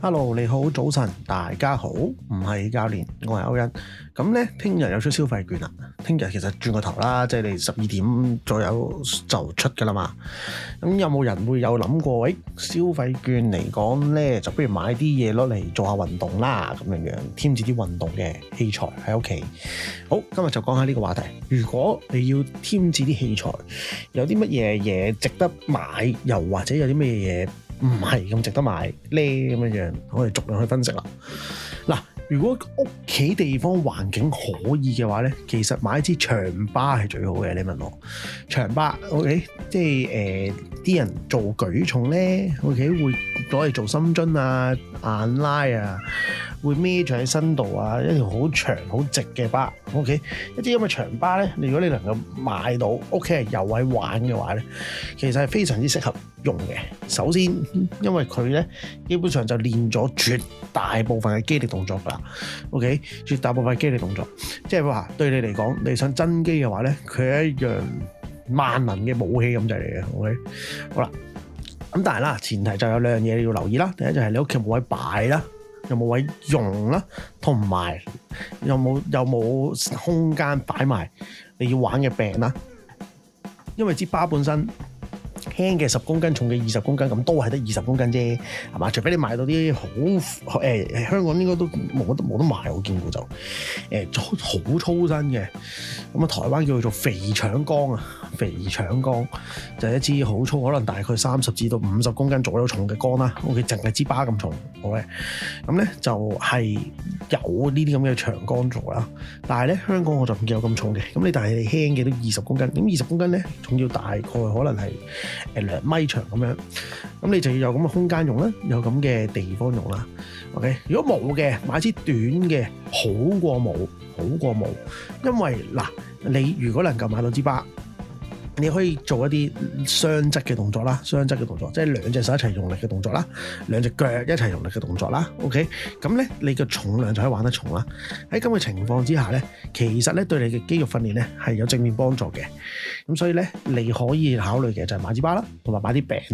hello，你好，早晨，大家好，唔係教練，我係歐恩。咁呢，聽日有出消費券啦。聽日其實轉個頭啦，即係你十二點左右就出噶啦嘛。咁有冇人會有諗過？喂、哎，消費券嚟講呢，就不如買啲嘢攞嚟做下運動啦，咁樣樣添置啲運動嘅器材喺屋企。好，今日就講下呢個話題。如果你要添置啲器材，有啲乜嘢嘢值得買，又或者有啲乜嘢？唔係咁值得買咧，咁樣樣，我哋逐樣去分析啦。嗱，如果屋企地方環境可以嘅話咧，其實買一支長巴係最好嘅。你問我長巴，OK，即係誒啲人做舉重咧，OK 會攞嚟做深蹲啊、硬拉啊。會孭住喺身度啊！一條好長好直嘅巴，OK，一啲咁嘅長巴咧，如果你能夠買到屋企係有位玩嘅話咧，其實係非常之適合用嘅。首先，因為佢咧基本上就練咗絕大部分嘅肌力動作㗎喇，OK，絕大部分嘅肌力動作，即係話對你嚟講，你想增肌嘅話咧，佢係一樣萬能嘅武器咁就嚟嘅。OK，好啦，咁但係啦，前提就有兩樣嘢你要留意啦。第一就係你屋企冇位擺啦。有冇位置用啦？同埋有冇有，有，有，有空間擺埋你要玩嘅病呢？因為支巴本身。輕嘅十公斤，重嘅二十公斤，咁都係得二十公斤啫，係嘛？除非你買到啲好、欸、香港應該都冇得冇得賣，我見過就好、欸、粗身嘅咁啊。台灣叫佢做肥腸缸啊，肥腸缸就係、一支好粗，可能大概三十至到五十公斤左右重嘅缸啦。OK，淨係支巴咁重好咧。咁咧就係有呢啲咁嘅長缸做啦。但係咧香港我就唔見有咁重嘅。咁你但係輕嘅都二十公斤，咁二十公斤咧仲要大概可能係。誒兩米長咁樣，咁你就要有咁嘅空間用啦，有咁嘅地方用啦，OK？如果冇嘅，買一支短嘅好過冇，好過冇，因為嗱，你如果能夠買到支把。你可以做一啲雙側嘅動作啦，雙側嘅動作，即係兩隻手一齊用力嘅動作啦，兩隻腳一齊用力嘅動作啦。OK，咁咧你嘅重量就可以玩得重啦。喺咁嘅情況之下咧，其實咧對你嘅肌肉訓練咧係有正面幫助嘅。咁所以咧你可以考慮嘅就係買支巴啦，同埋買啲餅。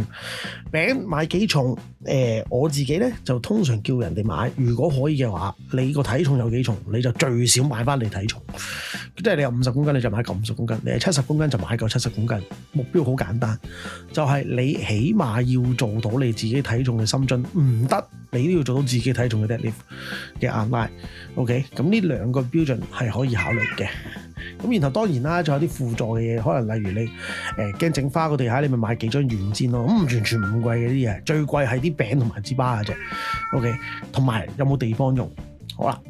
餅買幾重？呃，我自己咧就通常叫人哋買，如果可以嘅話，你個體重有幾重，你就最少買翻你體重。即係你有五十公斤你就買夠五十公斤，你有七十公斤就買夠七十公斤。目標好簡單，就係你起碼要做到你自己體重嘅深蹲，唔得你都要做到自己體重嘅 deadlift 嘅硬拉。OK，咁呢兩個標準係可以考慮嘅。咁然後當然啦，仲有啲輔助嘅嘢，可能例如你誒驚整花個地下，你咪買幾張軟墊咯。嗯，完全唔貴嘅啲嘢，最貴係啲餅同埋芝巴嘅啫。OK，同埋有冇地方用？好啦。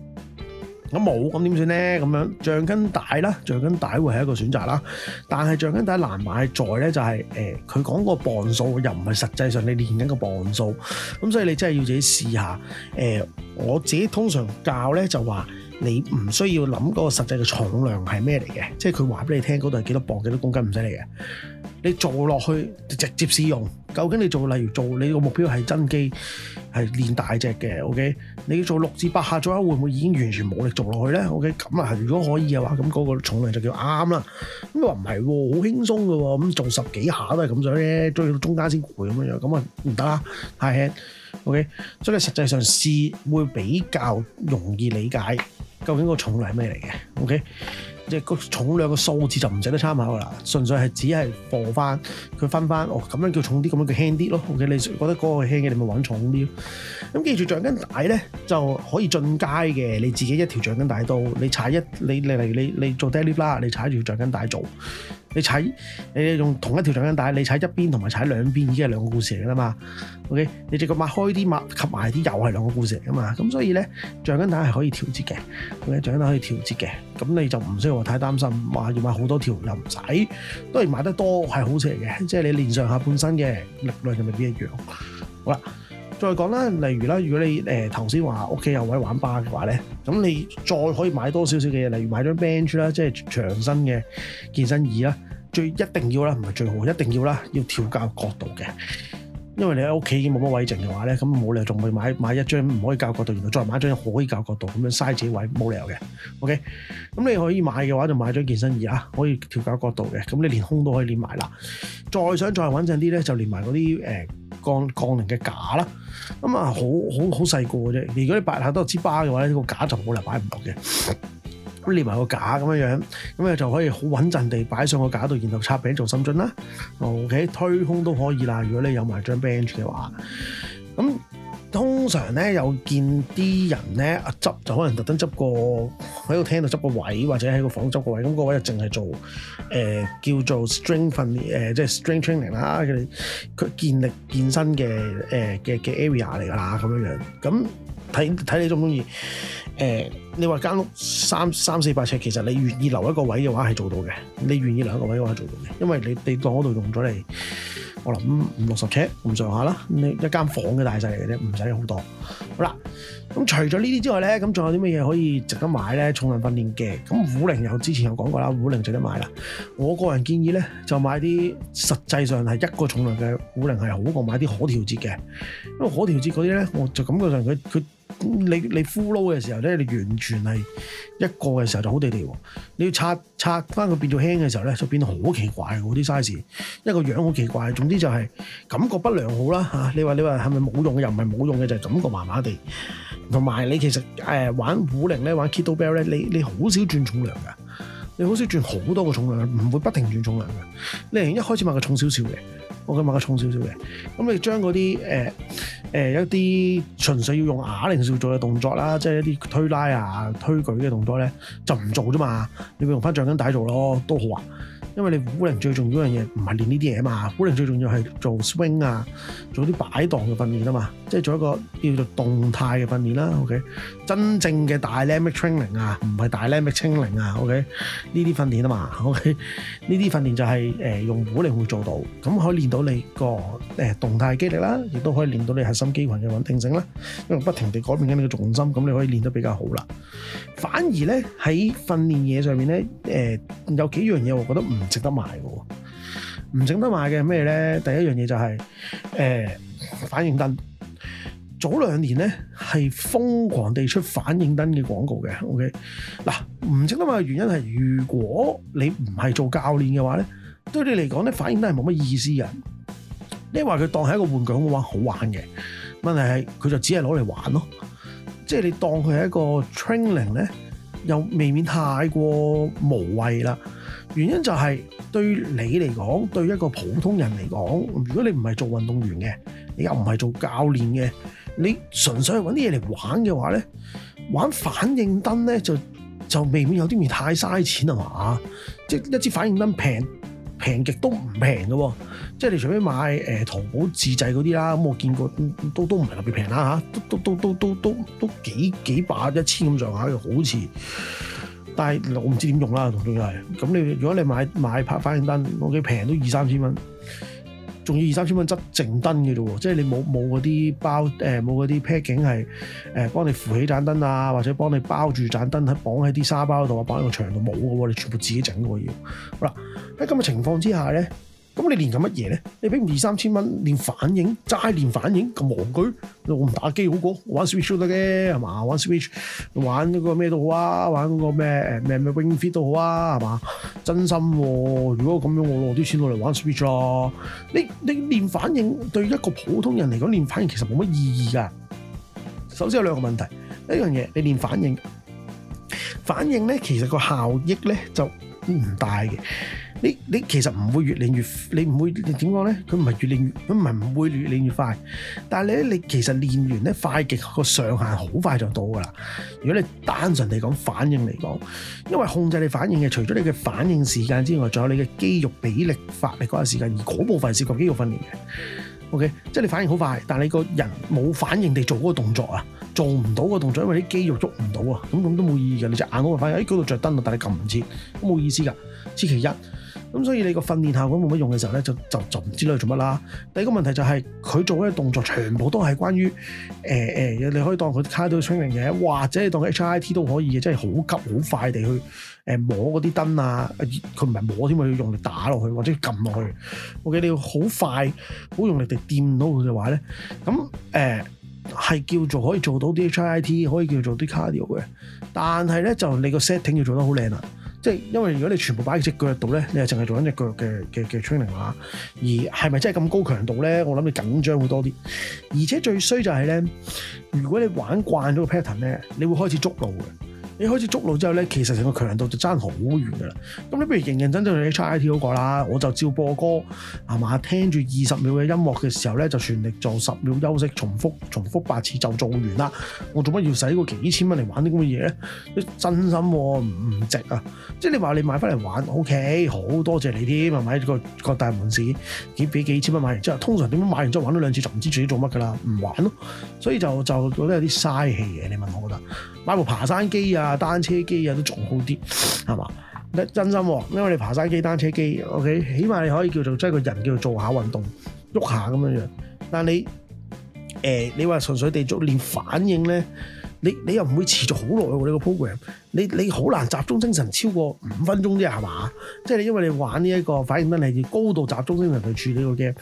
咁冇咁點算咧？咁樣橡筋帶啦，橡筋帶會係一個選擇啦。但係橡筋帶難買在咧就係誒，佢講個磅數又唔係實際上你練緊個磅數。咁所以你真係要自己試下，呃。我自己通常教咧就話你唔需要諗嗰個實際嘅重量係咩嚟嘅，即係佢話俾你聽嗰度係幾多磅幾多公斤唔使理嘅。你做落去就直接試用。究竟你做例如做你個目標係增肌，係練大隻嘅，O K，你做六至八下左右，會唔會已經完全冇力做落去咧？O K，咁啊，如果可以嘅話，咁嗰個重量就叫啱啦。咁又唔係，好輕鬆嘅，咁做十幾下都係咁樣咧，到中間先攰咁樣，咁啊唔得啦，太輕。O K，所以你實際上試會比較容易理解究竟個重量係咩嚟嘅。O K。即係個重量個數字就唔值得參考啦，純粹係只係放翻佢分翻哦，咁樣叫重啲，咁樣叫輕啲咯。OK，你覺得嗰個輕嘅，你咪玩重啲。咁記住橡筋帶咧就可以進階嘅，你自己一條橡筋帶到，你踩一你嚟嚟你你，你，你，你做 deadlift 啦，你踩住橡筋帶做。你踩，你用同一條橡筋帶，你踩一邊同埋踩兩邊已經係兩個故事嚟嘅啦嘛。OK，你隻腳擘開啲，擘及埋啲，又係兩個故事嚟嘅嘛。咁所以咧，橡筋帶係可以調節嘅，橡筋帶可以調節嘅。咁你就唔需要話太擔心，話要買好多條又唔使，當然買得多係好事嚟嘅，即係你練上下半身嘅力量就未必一樣。好啦。再講啦，例如啦，如果你誒頭先話屋企有位玩巴嘅話咧，咁你再可以買多少少嘅嘢，例如買一張 bench 啦，即係長身嘅健身椅啦，最一定要啦，唔係最好，一定要啦，要調教角度嘅，因為你喺屋企已經冇乜位剩嘅話咧，咁冇理由仲去買買一張唔可以教角度，然後再買一張可以教角度，咁樣嘥自己位冇理由嘅。OK，咁你可以買嘅話就買一張健身椅啊，可以調教角度嘅，咁你連胸都可以練埋啦。再想再穩陣啲咧，就連埋嗰啲誒。呃槓槓鈴嘅架啦，咁啊、這個、好好好細個嘅啫。如果你擺下多支巴嘅話咧，個架就冇理由擺唔到嘅。咁連埋個架咁樣樣，咁你就可以好穩陣地擺上個架度，然後插餅做深蹲啦。O K，推胸都可以啦。如果你有埋張 bench 嘅話。通常咧，有見啲人咧，啊執就可能特登執個喺個廳度執個位，或者喺個房執個位、那個位置。咁個位就淨係做叫做 strength 訓練、呃、即係 strength training 啦。佢佢建立健身嘅誒嘅嘅 area 嚟㗎啦，咁樣樣。咁睇睇你中唔中意？你話間屋三三四百尺，其實你願意留一個位嘅話係做到嘅，你願意留一個位嘅話係做到嘅，因為你你當嗰度用咗你。我諗五六十尺咁上下啦，一間房嘅大細嚟嘅啫，唔使好多。好啦，咁除咗呢啲之外咧，咁仲有啲咩嘢可以值得買咧？重量訓練嘅，咁啞鈴有之前有講過啦，啞鈴值得買啦。我個人建議咧，就買啲實際上係一個重量嘅啞鈴係好過買啲可調節嘅，因為可調節嗰啲咧，我就感覺上佢佢。你你呼撈嘅時候咧，你完全係一個嘅時候就好地地喎。你要拆拆翻佢變做輕嘅時候咧，就變到好奇怪喎啲 size，因為個樣好奇怪。總之就係感覺不良好啦嚇、啊。你話你話係咪冇用嘅，又唔係冇用嘅，就係、是、感覺麻麻地。同埋你其實誒玩啞鈴咧，玩 Kettlebell 咧，你你好少轉重量噶，你好少轉好多個重量，唔會不停轉重量噶。你係一開始買個重少少嘅。我咁買個重少少嘅，咁你將嗰啲誒一啲純粹要用啞鈴少做嘅動作啦，即係一啲推拉啊、推舉嘅動作咧，就唔做啫嘛，你咪用翻橡筋帶做咯都好啊。因為你壺鈴最重要嗰樣嘢唔係練呢啲嘢啊嘛，壺鈴最重要係做 swing 啊，做啲擺盪嘅訓練啊嘛，即係做一個叫做動態嘅訓練啦。O.K. 真正嘅 dynamic training 啊，唔係 dynamic 清零啊。O.K. 呢啲訓練啊嘛。O.K. 呢啲訓練就係誒用壺鈴會做到，咁可以練到你個誒動態肌力啦，亦都可以練到你核心肌群嘅穩定性啦，因為不停地改變緊你嘅重心，咁你可以練得比較好啦。反而咧喺訓練嘢上面咧，誒有幾樣嘢我覺得唔～唔值得買嘅喎，唔值得買嘅咩咧？第一樣嘢就係、是、誒、欸、反應燈。早兩年咧係瘋狂地出反應燈嘅廣告嘅。OK，嗱唔值得買嘅原因係，如果你唔係做教練嘅話咧，對你嚟講咧反應燈係冇乜意思嘅。你話佢當係一個玩具咁嘅話，好玩嘅。問題係佢就只係攞嚟玩咯。即係你當佢係一個 training 咧，又未免太過無謂啦。原因就係對你嚟講，對一個普通人嚟講，如果你唔係做運動員嘅，你又唔係做教練嘅，你純粹係揾啲嘢嚟玩嘅話咧，玩反應燈咧就就未免有啲唔太嘥錢啊嘛！即係一支反應燈平平極都唔平嘅喎，即係你除非買誒淘寶自製嗰啲啦，咁我見過都都唔係特別平啦嚇都都都都都都都幾幾幾百一千咁上下嘅，好似。但係我唔知點用啦，同仲要係咁你，如果你買買拍反應燈，我幾平都二三千蚊，仲要二三千蚊執淨燈嘅啫喎，即係你冇冇嗰啲包誒，冇嗰啲 pegging 係誒幫你扶起盞燈啊，或者幫你包住盞燈喺綁喺啲沙包度啊，擺喺個牆度冇嘅喎，你全部自己整嘅嘢，好啦，喺咁嘅情況之下咧。咁你練緊乜嘢咧？你俾二三千蚊練反應，齋練反應咁戇居，我唔打機好過，我玩 Switch 都得嘅，係嘛？玩 Switch 玩嗰個咩都好啊，玩嗰個咩誒咩咩 Ring Fit 都好啊，係嘛？真心的，如果咁樣我攞啲錢攞嚟玩 Switch 咯。你你練反應對一個普通人嚟講，練反應其實冇乜意義噶。首先有兩個問題，一樣嘢你練反應，反應咧其實個效益咧就唔大嘅。你你其實唔會越練越，你唔會點講咧？佢唔係越練越，唔係唔會越練越快。但係咧，你其實練完咧快極個上限好快就到噶啦。如果你單純地講反應嚟講，因為控制你反應嘅除咗你嘅反應時間之外，仲有你嘅肌肉比例發力嗰個時間，而嗰部分涉及肌肉訓練嘅。O.K.，即係你反應好快，但係你個人冇反應地做嗰個動作啊，做唔到個動作，因為你啲肌肉喐唔到啊。咁咁都冇意義嘅。你隻眼好快喺嗰度着燈啊，但係你撳唔切都冇意思㗎。此其一。咁所以你個訓練效果冇乜用嘅時候咧，就就就唔知你去做乜啦。第二個問題就係、是、佢做嘅啲動作全部都係關於誒、呃、你可以當佢 cardio training 嘅，或者你當 HIT 都可以嘅，即係好急好快地去、呃、摸嗰啲燈啊，佢唔係摸添，佢用力打落去或者撳落去。我記得你要好快，好用力地掂到佢嘅話咧，咁誒係叫做可以做到啲 HIT，可以叫做啲 cardio 嘅，但係咧就你個 setting 要做得好靚啦。即係因為如果你全部擺喺隻腳度咧，你就淨係做緊隻腳嘅嘅嘅 training 啊，而係咪真係咁高強度咧？我諗你緊張會多啲，而且最衰就係咧，如果你玩慣咗個 pattern 咧，你會開始捉路嘅。你開始捉路之後咧，其實成個強度就爭好遠噶啦。咁你不如認認真真去 HIT 嗰個啦，我就照播歌，啊嘛聽住二十秒嘅音樂嘅時候咧，就全力做十秒，休息，重複重複八次就做完啦。我做乜要使個幾千蚊嚟玩啲咁嘅嘢咧？真心唔值啊！即係你話你買翻嚟玩，OK，好多謝你添，係咪個個大門市？幾俾幾千蚊買完之後，通常點樣買完之後玩咗兩次就唔知自己做乜噶啦，唔玩咯。所以就就覺得有啲嘥氣嘅，你問我覺得買部爬山機啊～啊！單車機啊，都仲好啲，係嘛？真真心，因為你爬山機、單車機，OK，起碼你可以叫做即係個人叫做做下運動，喐下咁樣樣。但你誒，你話純粹地鍛鍊反應咧？你你又唔會持續好耐喎？呢個 program，你你好難集中精神超過五分鐘啫，係嘛？即係你因為你玩呢一個反應能力，要高度集中精神去處理個 game。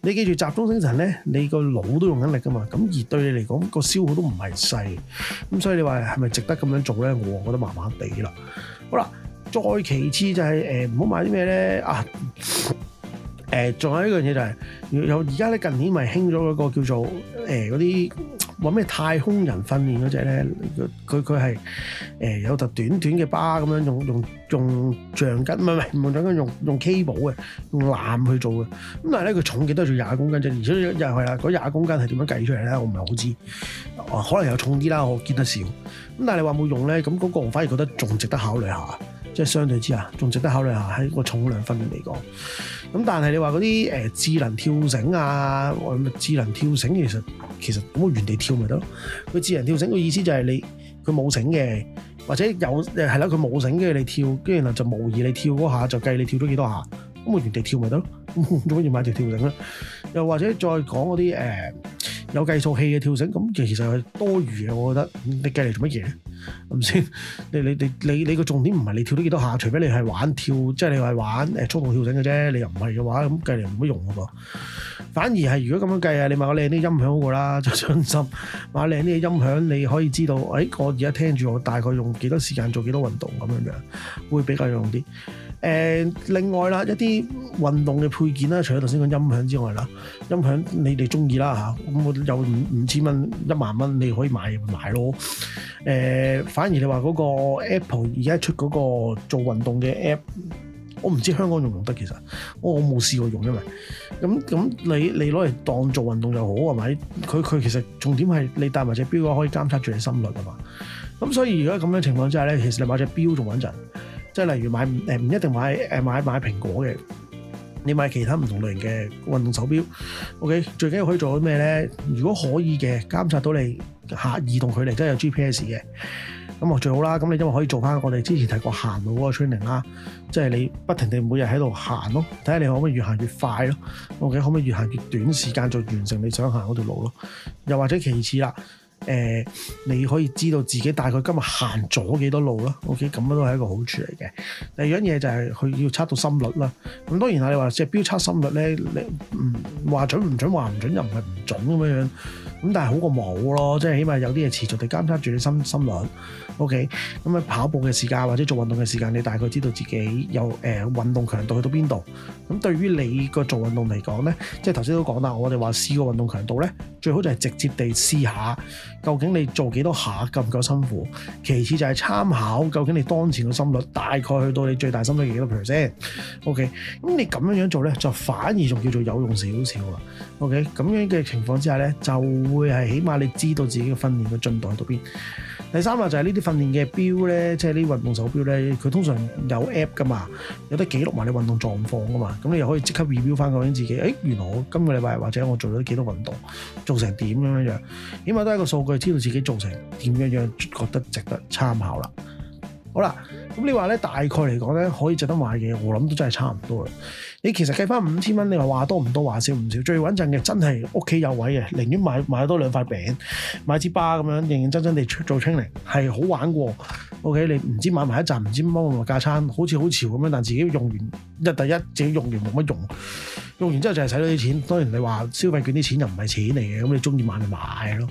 你記住集中精神咧，你個腦都用緊力噶嘛。咁而對你嚟講，個消耗都唔係細。咁所以你話係咪值得咁樣做咧？我覺得麻麻地啦。好啦，再其次就係誒唔好買啲咩咧？啊誒，仲、呃、有一樣嘢就係有而家咧，近年咪興咗一個叫做誒嗰啲。呃話咩太空人訓練嗰隻咧？佢佢佢係誒有條短短嘅巴咁樣用用用橡筋，唔係唔係唔係橡筋，用用 K 補嘅，用攬去做嘅。咁但係咧，佢重幾多？仲廿公斤啫，而且又係啦，嗰廿公斤係點樣計出嚟咧？我唔係好知道，啊，可能有重啲啦。我見得少。咁但係你話冇用咧，咁嗰個我反而覺得仲值得考慮一下。即係相對之下，仲值得考慮下喺個重量方面嚟講。咁但係你話嗰啲誒智能跳繩啊，智能跳繩其實其實咁我原地跳咪得咯。佢智能跳繩嘅意思就係你佢冇繩嘅，或者有係啦，佢冇繩嘅你跳，跟住然後就模擬你跳嗰下就計你跳咗幾多下。咁我原地跳咪得咯，咁要唔要買條跳繩啦，又或者再講嗰啲誒。呃有計數器嘅跳繩，咁其實係多餘嘅，我覺得的。你計嚟做乜嘢？啱先？你你你你你個重點唔係你跳得幾多下，除非你係玩跳，即係你係玩誒、eh, 速度跳繩嘅啫。你又唔係嘅話，咁計嚟冇乜用嘅噃。反而係如果咁樣計啊，你買個靚啲音響好過啦，就真心買靚啲嘅音響，你可以知道誒、哎，我而家聽住我大概用幾多時間做幾多運動咁樣樣，會比較有用啲。誒、嗯、另外啦，一啲運動嘅配件啦，除咗頭先講音響之外啦，音響你哋中意啦嚇，咁我有五五千蚊、一萬蚊，你可以買咪買咯。誒、嗯，反而你話嗰個 Apple 而家出嗰個做運動嘅 App，我唔知香港用唔用得其實，我冇試過用因為。咁咁你你攞嚟當做運動又好係咪？佢佢其實重點係你戴埋隻表嘅，可以監測住你心率啊嘛。咁所以而家咁樣的情況之下咧，其實你買隻表仲穩陣。即係例如買誒唔一定買誒買買，買蘋果嘅，你買其他唔同類型嘅運動手錶，OK，最緊要可以做到咩咧？如果可以嘅，監察到你行移動距離，真係有 GPS 嘅，咁啊最好啦。咁你因為可以做翻我哋之前提過行路嗰個 training 啦，即係你不停地每日喺度行咯，睇下你可唔可以越行越快咯？OK，可唔可以越行越短時間就完成你想行嗰條路咯？又或者其次啦誒、呃，你可以知道自己大概今日行咗幾多路啦。OK，咁樣都係一個好處嚟嘅。第二樣嘢就係佢要測到心率啦。咁當然啦，你話即標測心率咧，你唔話準唔準，話唔準又唔係唔準咁樣樣。咁但係好過冇咯，即係起碼有啲嘢持續地監察住你心心率，OK？咁啊，跑步嘅時間或者做運動嘅時間，你大概知道自己有誒、呃、運動強度去到邊度。咁對於你個做運動嚟講咧，即係頭先都講啦，我哋話試過運動強度咧，最好就係直接地試下究竟你做幾多下夠唔夠辛苦。其次就係參考究竟你當前個心率大概去到你最大心率幾多 percent，OK？咁你咁樣樣做咧，就反而仲叫做有用少少啦，OK？咁樣嘅情況之下咧，就會係起碼你知道自己嘅訓練嘅進度喺度邊。第三個就係呢啲訓練嘅錶咧，即係呢運動手錶咧，佢通常有 App 噶嘛，有得記錄埋你運動狀況噶嘛。咁你又可以即刻 review 翻究竟自己，誒原來我今個禮拜或者我做咗幾多運動，做成點咁樣樣。起碼都係一個數據，知道自己做成點樣樣，覺得值得參考啦。好啦，咁你話咧大概嚟講咧可以值得買嘅，我諗都真係差唔多啦。你其實計翻五千蚊，你話話多唔多話少唔少，最穩陣嘅真係屋企有位嘅，寧願買，買多兩塊餅，買支巴咁樣認認真真地做清零，係好玩過。OK，你唔知買埋一陣，唔知乜嘢架撐，好似好潮咁樣，但自己用完一第一自己用完冇乜用，用完之後就係使咗啲錢。當然你話消費券啲錢又唔係錢嚟嘅，咁你中意買咪買咯。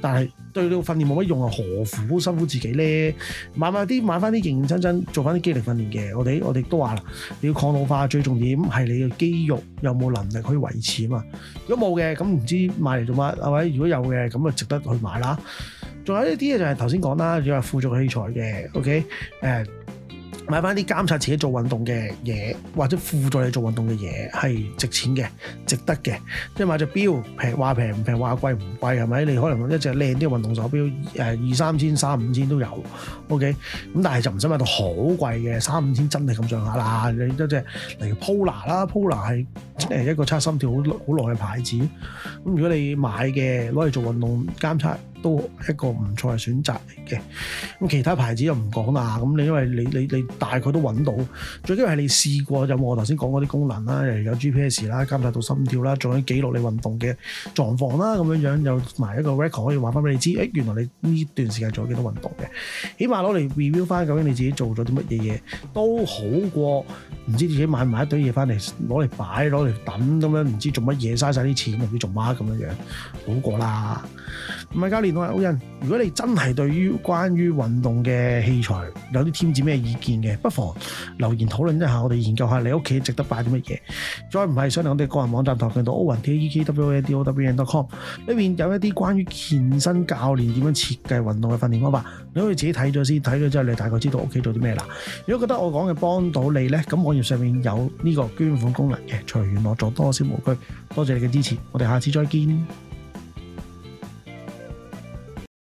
但係對你訓練冇乜用啊，何苦辛苦自己咧？買埋啲買翻啲認認真真做翻啲肌力訓練嘅，我哋我哋都話啦，你要抗老化最重要。係你嘅肌肉有冇能力可以維持啊？嘛，如果冇嘅，咁唔知買嚟做乜或者？如果有嘅，咁啊值得去買啦。仲有啲啲嘢就係頭先講啦，主要係輔助器材嘅，OK 誒。買翻啲監察自己做運動嘅嘢，或者輔助你做運動嘅嘢，係值錢嘅，值得嘅。即係買隻錶，平話平唔平話貴唔貴係咪？你可能一隻靚啲運動手錶，誒二三千、三五千都有。OK，咁但係就唔使買到好貴嘅，三五千真係咁上下啦。你一隻嚟 Polar 啦，啊，Polar 係一，一個測心跳好好耐嘅牌子。咁如果你買嘅攞嚟做運動監測，都係一個唔錯嘅選擇嚟嘅，咁其他牌子又唔講啦。咁你因為你你你，你大概都揾到，最緊要係你試過有冇我頭先講嗰啲功能啦，又有 GPS 啦，監察到心跳啦，仲有記錄你運動嘅狀況啦，咁樣樣有埋一個 record 可以話翻俾你知，誒原來你呢段時間做咗幾多運動嘅，起碼攞嚟 review 翻究竟你自己做咗啲乜嘢嘢，都好過唔知自己買埋一堆嘢翻嚟攞嚟擺攞嚟抌咁樣，唔知做乜嘢嘥晒啲錢，唔知做乜咁樣樣，好過啦。唔係教練，我係歐恩。如果你真係對於關於運動嘅器材有啲添置咩意見嘅，不妨留言討論一下。我哋研究下你屋企值得擺啲乜嘢。再唔係上嚟我哋個人網站，睇見到歐雲 T E K W A D O W N dot com 裏邊有一啲關於健身教練點樣設計運動嘅訓練方法，你可以自己睇咗先。睇咗之後，你大概知道屋企做啲咩啦。如果覺得我講嘅幫到你咧，咁網頁上面有呢個捐款功能嘅，隨緣落咗多少無區多謝你嘅支持，我哋下次再見。